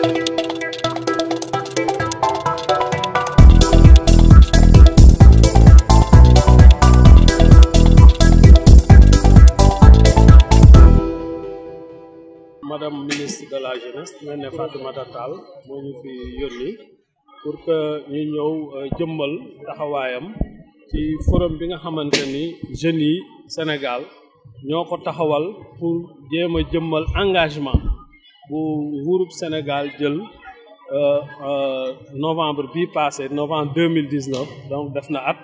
madame ministre de la jeunesse mel ne Fatoumata moo ñu fi yónni pour que ñu ñëw euh, jëmbal taxawaayam ci forum bi nga xamante ni jeunes yi Sénégal ñoo ko taxawal pour jéem a jëmmal engagement bu nguurub Sénégal jël euh, euh, novembre bii passé novembre deux mille dix neuf donc def na at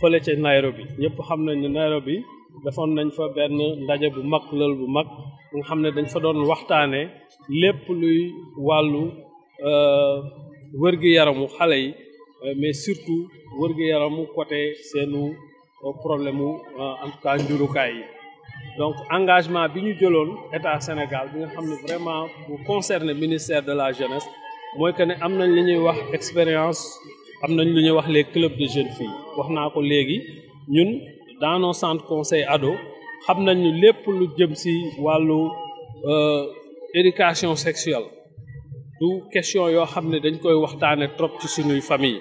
fële ca Nairobi ñëpp xam nañ ne Nairobi defoon nañ fa benn ndaje bu mag lël bu mag nga xam ne dañ fa doon waxtaanee lépp luy wàllu euh, wërgu-yaramu xale yi mais surtout wërgu-yaramu côté seenu problème mu en tout cas njurukaay yi donc engagement bi ñu jëloon état Sénégal bi nga xam ne vraiment bu concerne ministère de la jeunesse mooy que ne am nañ li ñuy wax expérience am nañ lu ñuy wax les clubs de jeunes filles wax naa ko léegi ñun dans nos centres conseil ado xam nañ ñu lépp lu jëm si wàllu euh, éducation sexuelle du question yoo xam ne dañ koy waxtaane trop ci suñuy famille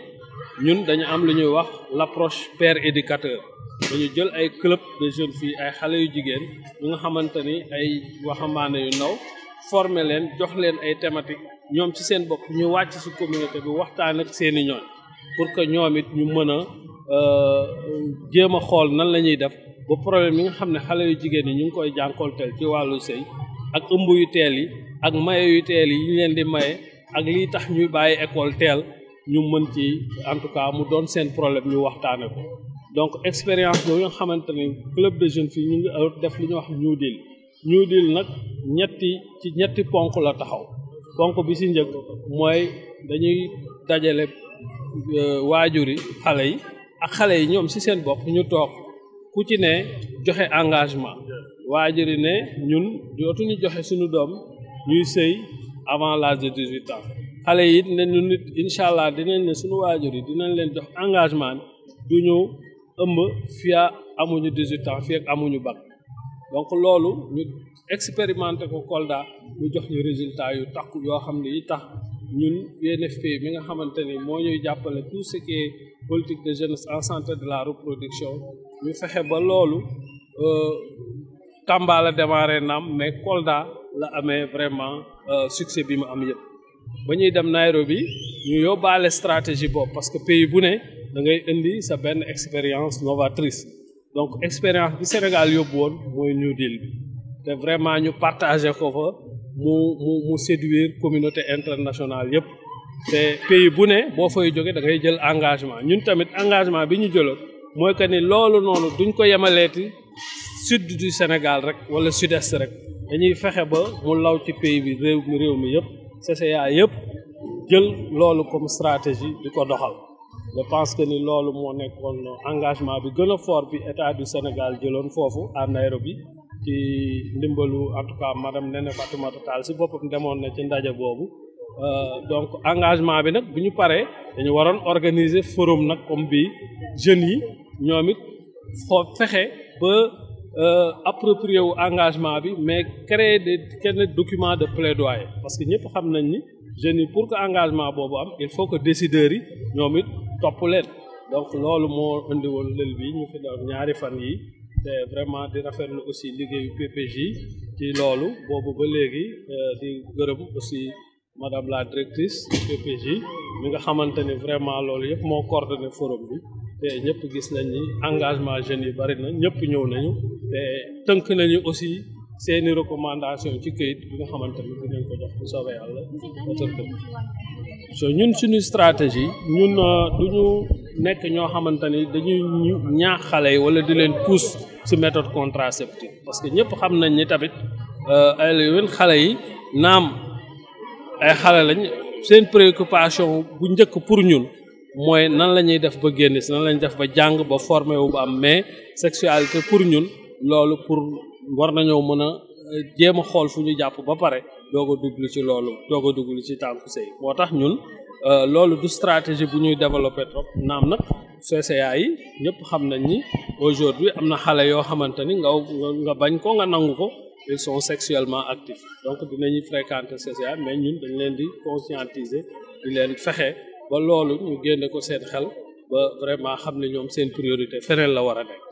ñun dañu am lu ñuy wax l' approche père éducateur dañu jël ay club de jeunes filles ay xale yu jigéen ñu nga xamante ni ay waxambaane yu ndaw former leen jox leen ay thématique ñoom ci seen bopp ñu wàcc si communauté bi waxtaan ak seeni ñooñ pour que ñoom it ñu mën a euh, jéem a xool nan la ñuy def ba problème yi nga xam ne xale yu jigéen ñi ñu ngi koy jànkoonteel ci wàllu sëy ak ëmb yu teel yi ak maye yu teel yi ñu leen di maye ak lii tax ñuy bàyyi école teel ñu mën ci en tout cas mu doon seen problème ñu waxtaane ko donc expérience boobu nga xamante ne club de jeunes fii ñu ngi euh, def li ñuy wax New Deal New Deal nag ñetti ci ñetti ponk la taxaw ponk bi si njëkk mooy dañuy dajale euh, waajuri xale yi ak xale yi ñoom si seen bopp ñu toog ku ci ne joxe engagement waajuri ne ñun dootuñu joxe suñu doom ñuy sëy avant l'âge de dix-huit ans xale yi ne ñun nit incha allah dinañ ne suñu waajur yi dinañ leen jox engagement du ñu ëmb fia amuñu 18 ans fii ak amuñu bac donc loolu ñu expérimenté ko Kolda ñu jox ñu résultat yu takku yoo xam ne yi tax ñun UNFP mi nga xamante ni moo ñuy jàppale tout ce qui politique de jeunes en centre de la reproduction ñu fexe ba loolu euh, Tamba la démarré naam mais Kolda la amee vraiment euh, succès bi mu am yëpp ba ñuy dem Nairobi ñu yóbbaale stratégie boobu parce que bu ne. da ngay indi sa benn expérience novatrice donc expérience bi Sénégal yóbbu woon mooy New Deal bi te vraiment ñu partagé ko fa mu mu mu séduire communauté internationale yëpp te pays bu ne boo fay jóge da ngay jël engagement ñun tamit engagement bi ñu jëloon mooy que ni loolu noonu duñ ko yemaleeti sud du Sénégal rek wala sud-est rek dañuy fexe ba mu law ci pays bi réew mi réew mi yëpp CCA yëpp jël loolu comme stratégie di ko doxal pense que ni loolu moo nekkoon engagement bi gën a fort bi état du Sénégal jëloon foofu à Nairobi ci ndimbalu en tout cas madame Néné Fatoumata Tall si bopp demoon na ci ndaje boobu euh, donc engagement bi nag bu ñu paree dañu waroon organiser forum nag comme bi jeunes yi ñoom it xoo fexe ba euh, approprier wu engagement bi mais créer des kenn document de plaidoyer parce que ñëpp xam nañ ni jeunes yi pour que engagement boobu am il faut que décideurs yi ñoom it topp leen donc loolu moo indiwoon lël bi ñu fi doon ñaari fan yi te vraiment di rafetlu aussi liggéeyu PPJ ci loolu boobu ba léegi euh, di gërëm aussi madame la directrice PPJ mi nga xamante ni vraiment loolu yëpp moo coordonné forum bi te ñëpp gis nañ ni engagement jeunes yi bari na ñëpp ñëw nañu te tënk nañu aussi. seeni recommandation ci këyit bi nga xamante ni dinañ ko jox bu soobee yàlla so ñun suñu stratégie ñun uh, du ñu nekk ñoo xamante ni dañuy ñaax xale yi wala di leen pousse si méthode contraceptive parce que ñëpp xam nañ ni tamit uh, ay leen xale yi naam ay xale lañ seen préoccupation bu njëkk pour ñun mooy nan la ñuy def ba génn si nan la def ba jàng ba formé wu ba am mais sexualité pour ñun loolu pour war nañoo mën a eh, jéem a xool fu ñu jàpp ba pare doog duglu ci loolu doog a duglu ci tànku sëy moo tax ñun eh, loolu du stratégie bu ñuy développé trop naam nag CCA yi ñëpp xam nañ ni aujourd'hui am na xale yoo xamante ni nga nga bañ ko nga nangu ko ils sont sexuellement actifs donc dinañu fréquenter CCA mais ñun dañ leen di conscientiser di leen fexe ba loolu ñu génne ko seen xel ba vraiment xam ne ñoom seen priorité feneen la war a nekk